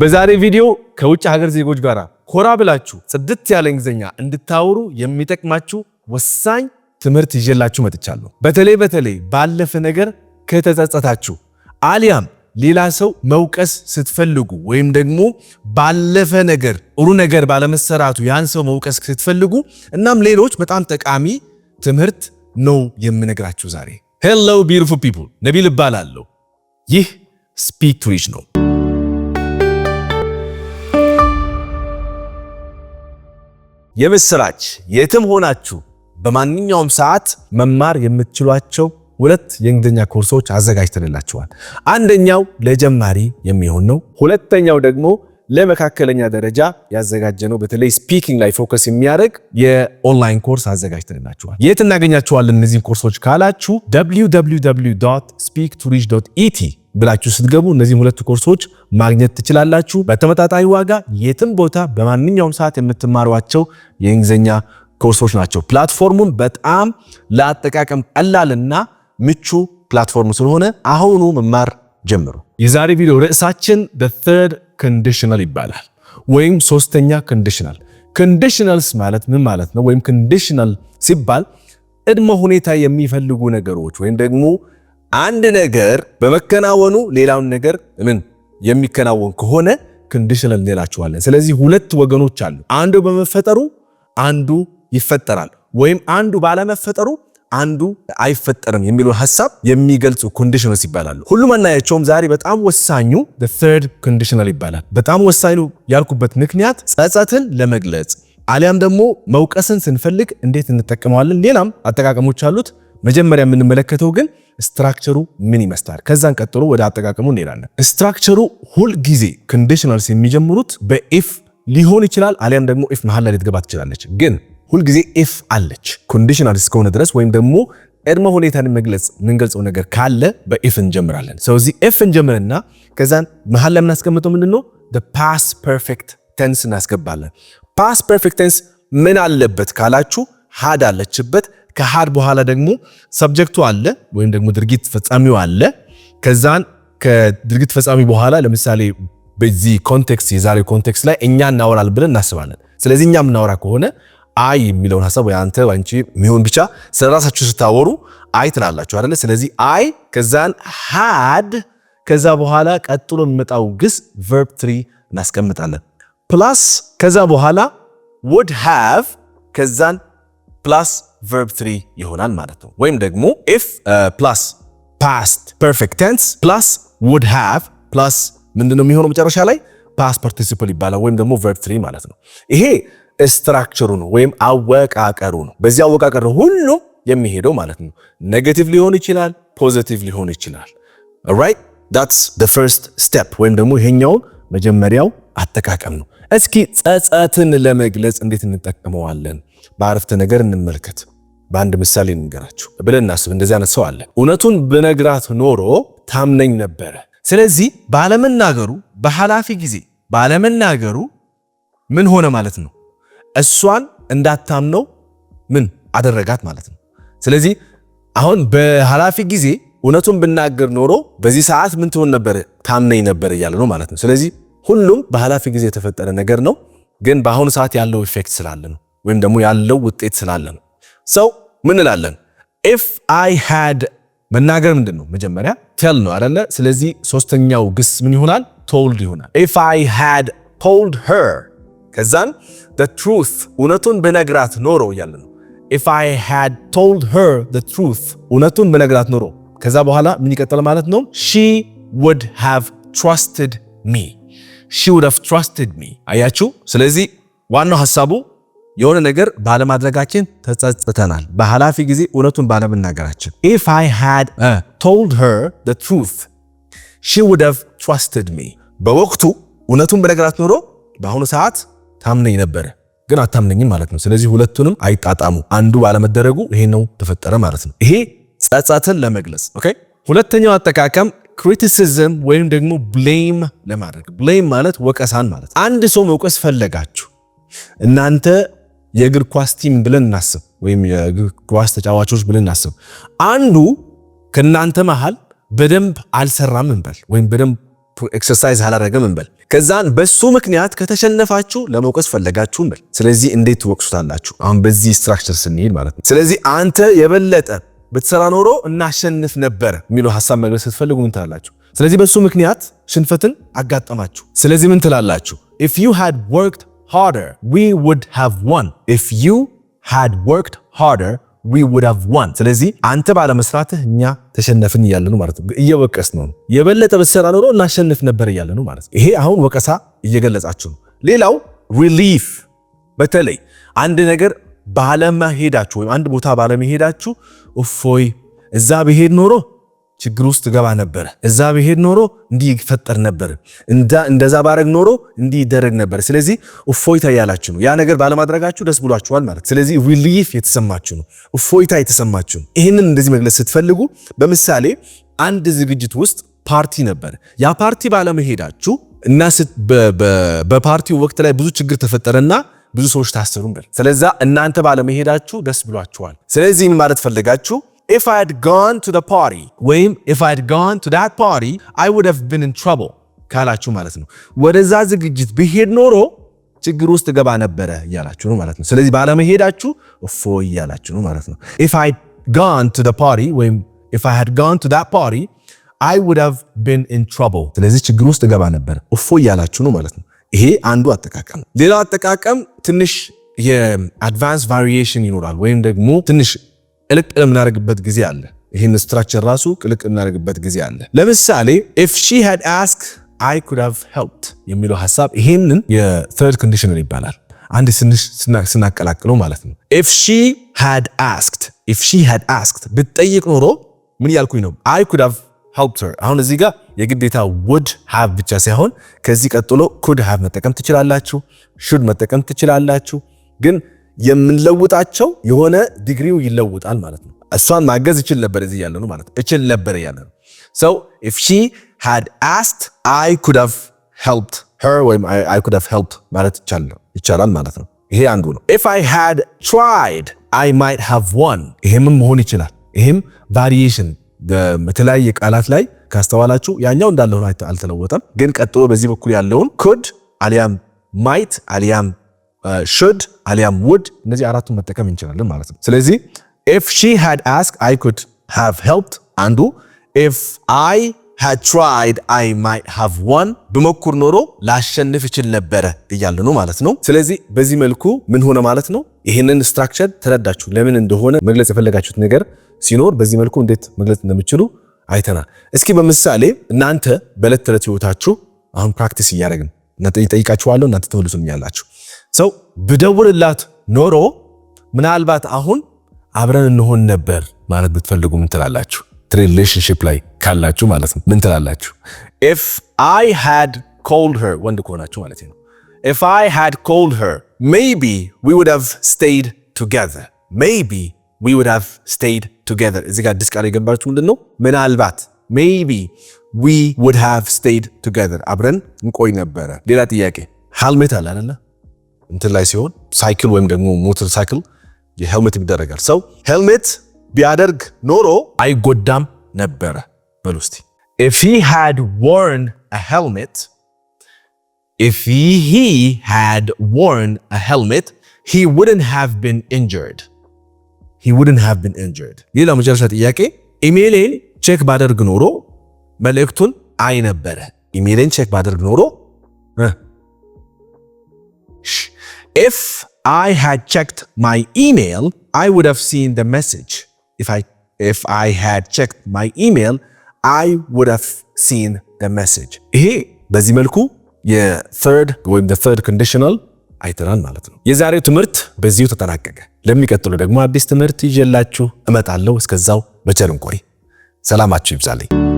በዛሬ ቪዲዮ ከውጭ ሀገር ዜጎች ጋር ኮራ ብላችሁ ጽድት ያለ እንግሊዝኛ እንድታወሩ የሚጠቅማችሁ ወሳኝ ትምህርት ይዤላችሁ መጥቻለሁ። በተለይ በተለይ ባለፈ ነገር ከተጸጸታችሁ አሊያም ሌላ ሰው መውቀስ ስትፈልጉ ወይም ደግሞ ባለፈ ነገር ጥሩ ነገር ባለመሰራቱ ያን ሰው መውቀስ ስትፈልጉ እናም ሌሎች በጣም ጠቃሚ ትምህርት ነው የምነግራችሁ ዛሬ። ሄሎ ቢዩቲፉል ፒፕል ነቢል እባላለሁ። ይህ ስፒክ ቱ ሪች ነው። የምስራች የትም ሆናችሁ በማንኛውም ሰዓት መማር የምትችሏቸው ሁለት የእንግሊዝኛ ኮርሶች አዘጋጅተንላችኋል። አንደኛው ለጀማሪ የሚሆን ነው። ሁለተኛው ደግሞ ለመካከለኛ ደረጃ ያዘጋጀ ነው በተለይ ስፒኪንግ ላይ ፎከስ የሚያደርግ የኦንላይን ኮርስ አዘጋጅተንላችኋል። የት እናገኛችኋለን እነዚህን ኮርሶች ካላችሁ www ስፒክ ቱ ኢቲ ብላችሁ ስትገቡ እነዚህም ሁለት ኮርሶች ማግኘት ትችላላችሁ። በተመጣጣኝ ዋጋ የትም ቦታ በማንኛውም ሰዓት የምትማሯቸው የእንግሊዝኛ ኮርሶች ናቸው። ፕላትፎርሙም በጣም ለአጠቃቀም ቀላልና ምቹ ፕላትፎርም ስለሆነ አሁኑ መማር ጀምሩ። የዛሬ ቪዲዮ ርዕሳችን ተርድ ኮንዲሽናል ይባላል ወይም ሶስተኛ ኮንዲሽናል። ኮንዲሽናልስ ማለት ምን ማለት ነው? ወይም ኮንዲሽናል ሲባል ቅድመ ሁኔታ የሚፈልጉ ነገሮች ወይም ደግሞ አንድ ነገር በመከናወኑ ሌላውን ነገር ምን የሚከናወን ከሆነ ኮንዲሽናል እንላቸዋለን። ስለዚህ ሁለት ወገኖች አሉ። አንዱ በመፈጠሩ አንዱ ይፈጠራል፣ ወይም አንዱ ባለመፈጠሩ አንዱ አይፈጠርም የሚለውን ሀሳብ የሚገልጹ ኮንዲሽኖች ይባላሉ። ሁሉም አናያቸውም። ዛሬ በጣም ወሳኙ ተርድ ኮንዲሽናል ይባላል። በጣም ወሳኙ ያልኩበት ምክንያት ጸጸትን ለመግለጽ አሊያም ደግሞ መውቀስን ስንፈልግ እንዴት እንጠቀመዋለን። ሌላም አጠቃቀሞች አሉት። መጀመሪያ የምንመለከተው ግን ስትራክቸሩ ምን ይመስላል። ከዛን ቀጥሎ ወደ አጠቃቀሙ እንሄዳለን። ስትራክቸሩ ሁል ጊዜ ኮንዲሽናልስ የሚጀምሩት በኢፍ ሊሆን ይችላል፣ አሊያም ደግሞ ኢፍ መሀል ላይ ልትገባ ትችላለች። ግን ሁልጊዜ ኢፍ አለች ኮንዲሽናል እስከሆነ ድረስ ወይም ደግሞ ቅድመ ሁኔታን መግለጽ የምንገልጸው ነገር ካለ በኢፍ እንጀምራለን። ስለዚህ ኢፍ እንጀምርና ከዛን መሀል ላይ የምናስቀምጠው ምንድን ነው? ፓስ ፐርፌክት ቴንስ እናስገባለን። ፓስ ፐርፌክት ቴንስ ምን አለበት ካላችሁ ሀድ አለችበት ከሀድ በኋላ ደግሞ ሰብጀክቱ አለ ወይም ደግሞ ድርጊት ፈጻሚው አለ። ከዛን ከድርጊት ፈጻሚ በኋላ ለምሳሌ በዚህ ኮንቴክስት የዛሬው ኮንቴክስት ላይ እኛ እናወራል ብለን እናስባለን። ስለዚህ እኛ የምናወራ ከሆነ አይ የሚለውን ሀሳብ ወይ አንተ አንቺ የሚሆን ብቻ ስለራሳችሁ ስታወሩ አይ ትላላችሁ አይደለ? ስለዚህ አይ ከዛን ሃድ ከዛ በኋላ ቀጥሎ የሚመጣው ግስ ቨርብ ትሪ እናስቀምጣለን ፕላስ ከዛ በኋላ ውድ ሃቭ ከዛን ፕላስ ቨርብ ትሪ ይሆናል ማለት ነው። ወይም ደግሞ ኢፍ ፕላስ ፓስት ፐርፌክት ቴንስ ፕላስ ውድ ሃቭ ፕላስ ምንድን የሚሆነው መጨረሻ ላይ ፓስት ፓርቲሲፕል ይባላል። ወይም ደግሞ ቨርብ ትሪ ማለት ነው። ይሄ ስትራክቸሩ ነው ወይም አወቃቀሩ ነው። በዚህ አወቃቀር ነው ሁሉም የሚሄደው ማለት ነው። ኔጌቲቭ ሊሆን ይችላል፣ ፖዚቲቭ ሊሆን ይችላል። ኦልራይት ዳትስ ፈርስት ስቴፕ ወይም ደግሞ ይሄኛው መጀመሪያው አጠቃቀም ነው። እስኪ ጸጸትን ለመግለጽ እንዴት እንጠቀመዋለን? በአረፍተ ነገር እንመልከት። በአንድ ምሳሌ እንገራችሁ ብለን እናስብ። እንደዚህ አይነት ሰው አለ። እውነቱን ብነግራት ኖሮ ታምነኝ ነበረ። ስለዚህ ባለመናገሩ፣ በኃላፊ ጊዜ ባለመናገሩ ምን ሆነ ማለት ነው? እሷን እንዳታምነው ምን አደረጋት ማለት ነው። ስለዚህ አሁን በኃላፊ ጊዜ እውነቱን ብናገር ኖሮ በዚህ ሰዓት ምን ትሆን ነበረ? ታምነኝ ነበረ እያለ ነው ማለት ነው። ስለዚህ ሁሉም በኃላፊ ጊዜ የተፈጠረ ነገር ነው፣ ግን በአሁኑ ሰዓት ያለው ኢፌክት ስላለ ነው፣ ወይም ደግሞ ያለው ውጤት ስላለ ነው። ሰው ምን እላለን? ኢፍ አይ ሃድ መናገር ምንድን ነው? መጀመሪያ ቴል ነው አይደለ? ስለዚህ ሶስተኛው ግስ ምን ይሆናል? ቶልድ ይሆናል። ኢፍ አይ ሃድ ቶልድ ሄር ከዛን ትሩት እውነቱን በነግራት ኖሮ እያለ ነው። ኢፍ አይ ሃድ ቶልድ ሄር ትሩት እውነቱን በነግራት ኖሮ ከዛ በኋላ ምን ይቀጥል ማለት ነው? ሺ ውድ ሃቭ ትረስትድ ሚ ሺ ውድ ሃቭ ትራስትድ ሚ። አያችሁ። ስለዚህ ዋናው ሀሳቡ የሆነ ነገር ባለማድረጋችን ተጸጽተናል፣ በኃላፊ ጊዜ እውነቱን ባለመናገራችን። ኢፍ አይ ሃድ ቶልድ ሄር ዘ ትሩዝ ሺ ውድ ሃቭ ትራስትድ ሚ። በወቅቱ እውነቱን በነገራት ኖሮ በአሁኑ ሰዓት ታምነኝ ነበረ፣ ግን አታምነኝም ማለት ነው። ስለዚህ ሁለቱንም አይጣጣሙ፣ አንዱ ባለመደረጉ ይሄ ነው ተፈጠረ ማለት ነው። ይሄ ጸጸትን ለመግለጽ ኦኬ። ሁለተኛው አጠቃቀም ክሪቲሲዝም ወይም ደግሞ ብሌም ለማድረግ ብሌም ማለት ወቀሳን ማለት አንድ ሰው መውቀስ ፈለጋችሁ እናንተ የእግር ኳስ ቲም ብለን እናስብ፣ ወይም የእግር ኳስ ተጫዋቾች ብለን እናስብ። አንዱ ከእናንተ መሃል በደንብ አልሰራም እንበል፣ ወይም በደንብ ኤክሰርሳይዝ አላደረገም እንበል። ከዛን በሱ ምክንያት ከተሸነፋችሁ ለመውቀስ ፈለጋችሁ እንበል። ስለዚህ እንዴት ትወቅሱታላችሁ? አሁን በዚህ ስትራክቸር ስንሄድ ማለት ነው። ስለዚህ አንተ የበለጠ ብትሰራ ኖሮ እናሸንፍ ነበር የሚለው ሀሳብ መግለጽ ስትፈልጉ ምን ትላላችሁ? ስለዚህ በእሱ ምክንያት ሽንፈትን አጋጠማችሁ። ስለዚህ ምን ትላላችሁ? ኢፍ ዩ ሃድ ወርክድ ሃርደር ዊ ውድ ሃቭ ዋን። ኢፍ ስለዚህ አንተ ባለመስራትህ እኛ ተሸነፍን እያለ ነው ማለት ነው። እየወቀስ ነው። የበለጠ ብትሰራ ኖሮ እናሸንፍ ነበር እያለ ነው ማለት ነው። ይሄ አሁን ወቀሳ እየገለጻችሁ ነው። ሌላው ሪሊፍ፣ በተለይ አንድ ነገር ባለመሄዳችሁ ወይም አንድ ቦታ ባለመሄዳችሁ እፎይ፣ እዛ ብሄድ ኖሮ ችግር ውስጥ ገባ ነበር፣ እዛ ብሄድ ኖሮ እንዲህ ይፈጠር ነበር፣ እንደዛ ባረግ ኖሮ እንዲህ ይደረግ ነበር። ስለዚህ እፎይታ እያላችሁ ነው። ያ ነገር ባለማድረጋችሁ ደስ ብሏችኋል ማለት። ስለዚህ ሪሊፍ የተሰማችሁ ነው፣ እፎይታ የተሰማችሁ ነው። ይህንን እንደዚህ መግለጽ ስትፈልጉ በምሳሌ አንድ ዝግጅት ውስጥ ፓርቲ ነበር። ያ ፓርቲ ባለመሄዳችሁ እና በፓርቲው ወቅት ላይ ብዙ ችግር ተፈጠረና ብዙ ሰዎች ታሰሩ ነበር። ስለዛ እናንተ ባለመሄዳችሁ ደስ ብሏችኋል። ስለዚህ ምን ማለት ፈልጋችሁ if i had gone to the party ወይም if i had gone to that party i would have been in trouble ካላችሁ ማለት ነው። ወደዛ ዝግጅት ብሄድ ኖሮ ችግር ውስጥ ገባ ነበረ እያላችሁ ነው ማለት ነው። ስለዚህ ባለመሄዳችሁ እፎ እያላችሁ ነው ማለት ነው። if i had gone to the party ወይም if i had gone to that party i would have been in trouble ስለዚህ ችግር ውስጥ ገባ ነበረ እፎ እያላችሁ ነው ማለት ነው። ይሄ አንዱ አጠቃቀም። ሌላው አጠቃቀም ትንሽ የአድቫንስ ቫሪዬሽን ይኖራል፣ ወይም ደግሞ ትንሽ ቅልቅል የምናደርግበት ጊዜ አለ። ይህን ስትራክቸር ራሱ ቅልቅል የምናደርግበት ጊዜ አለ። ለምሳሌ ኢፍ ሺ ሃድ አስክ አይ ኩድ ሃቭ ሄልፕድ የሚለው ሀሳብ ይህንን የትርድ ኮንዲሽነር ይባላል። አንድ ትንሽ ስናቀላቅለው ማለት ነው። ኢፍ ሺ ሃድ አስክድ ኢፍ ሺ ሃድ አስክድ ብትጠይቅ ኖሮ ምን ያልኩኝ ነው አይ ኩድ ሃቭ ሄልፕድ ሄር። አሁን እዚህ ጋር የግዴታ ውድ ሃቭ ብቻ ሳይሆን ከዚህ ቀጥሎ ኩድ ሃቭ መጠቀም ትችላላችሁ፣ ሹድ መጠቀም ትችላላችሁ። ግን የምንለውጣቸው የሆነ ዲግሪው ይለውጣል ማለት ነው። እሷን ማገዝ እችል ነበር እዚህ ያለ ነው ማለት እችል ነበር ያለ ነው። ሶ ኢፍ ሺ ሃድ አስክድ አይ ኩድ ሃቭ ሄልፕድ ሄር ወይም አይ ኩድ ሃቭ ሄልፕድ ማለት ይቻላል ማለት ነው። ይሄ አንዱ ነው። ኢፍ አይ ሃድ ትራይድ አይ ማይት ሃቭ ዋን ይሄም መሆን ይችላል። ይሄም ቫሪዬሽን በተለያየ ቃላት ላይ ካስተዋላችሁ ያኛው እንዳለሆነ አልተለወጠም። ግን ቀጥሎ በዚህ በኩል ያለውን ኩድ አሊያም ማይት አሊያም ሹድ uh, አሊያም ውድ እነዚህ አራቱን መጠቀም እንችላለን ማለት ነው። ስለዚህ ኢፍ ሺ ሃድ አስክ አይ ኩድ ሃቭ ሄልፕድ አንዱ ኢፍ አይ ሃድ ትራይድ አይ ማይት ሃቭ ዋን ብሞክር ኖሮ ላሸንፍ ይችል ነበረ እያለ ነው ማለት ነው። ስለዚህ በዚህ መልኩ ምን ሆነ ማለት ነው። ይህንን ስትራክቸር ተረዳችሁ። ለምን እንደሆነ መግለጽ የፈለጋችሁት ነገር ሲኖር በዚህ መልኩ እንዴት መግለጽ እንደምችሉ አይተናል። እስኪ በምሳሌ እናንተ በዕለት ተዕለት ህይወታችሁ አሁን ፕራክቲስ እያደረግን ጠይቃችኋለሁ፣ እናንተ ትመልሱልኛላችሁ። ሰው ብደውልላት ኖሮ ምናልባት አሁን አብረን እንሆን ነበር ማለት ብትፈልጉ ምን ትላላችሁ? ሪሌሽንሽፕ ላይ ካላችሁ ማለት ነው ምን ትላላችሁ? ኢፍ አይ ሃድ ኮልድ ሄር ወንድ ከሆናችሁ ማለት ነው። ኢፍ አይ ሃድ ኮልድ ሄር ሜይ ቢ ዊ ውድ ሃቭ ስቴይድ ቱጌዘር ሜይ ቢ ዊ ውድ ሃቭ ስቴይድ ቱጌዘር። እዚህ ጋር አዲስ ቃል የገባችሁ ምንድን ነው? ምናልባት ሜይቢ ዊ ውድ ሃቭ ስቴይድ ቱጌዘር አብረን እንቆይ ነበረ። ሌላ ጥያቄ ሄልሜት አለ አይደለ? እንትን ላይ ሲሆን ሳይክል ወይም ደግሞ ሞተር ሳይክል ሄልሜት ይደረጋል። ሰው ሄልሜት ቢያደርግ ኖሮ አይጎዳም ነበረ። በሉ እስቲ ኢፍ ሂ ሃድ ዎርን አ ሄልሜት ኢፍ ሂ ሃድ ዎርን አ ሄልሜት ሂ ውድንት ሃቭ ቢን ኢንጀርድ he wouldn't have been injured. ሌላ መጨረሻ ጥያቄ ኢሜሌን ቼክ ባደርግ ኖሮ መልእክቱን አይ ነበረ። ኢሜሌን ቼክ ባደርግ ኖሮ if I had checked my email, I would have seen the message. If I, if I had checked my email, I would have seen the message. ይሄ በዚህ መልኩ የ third ወይም the third conditional አይተናል ማለት ነው። የዛሬው ትምህርት በዚሁ ተጠናቀቀ። ለሚቀጥሉ ደግሞ አዲስ ትምህርት ይዤላችሁ እመጣለሁ። እስከዛው በቸር እንቆይ። ሰላማችሁ ይብዛልኝ።